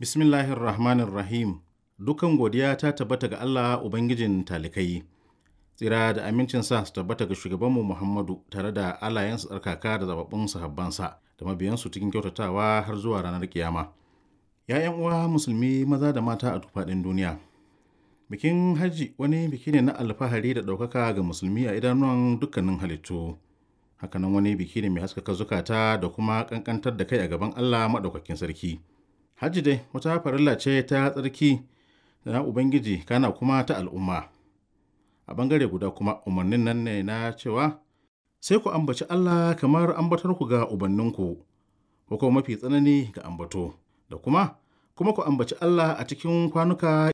Bismillahir Rahmanir Rahim. Dukan godiya ta tabbata ga Allah Ubangijin talikai. Tsira da amincin sa su tabbata ga shugabanmu Muhammadu tare da alayensu tsarkaka da zababbun sahabbansa da mabiyansu cikin kyautatawa har zuwa ranar kiyama. ‘Ya'yan uwa musulmi maza da mata a tufaɗin duniya. Bikin hajji wani biki ne na alfahari da ɗaukaka ga musulmi a idanuwan dukkanin halittu. Hakanan wani biki ne mai haskaka zukata da kuma ƙanƙantar da kai a gaban Allah maɗaukakin sarki. Hajji dai wata farilla ce ta tsarki na Ubangiji kana kuma ta al'umma. A bangare guda kuma umarnin nan ne na cewa, sai ku ambaci Allah kamar ambatar ku ga ubanninku, ko kuma mafi tsanani ga ambato, da kuma, kuma ku ambaci Allah a cikin kwanuka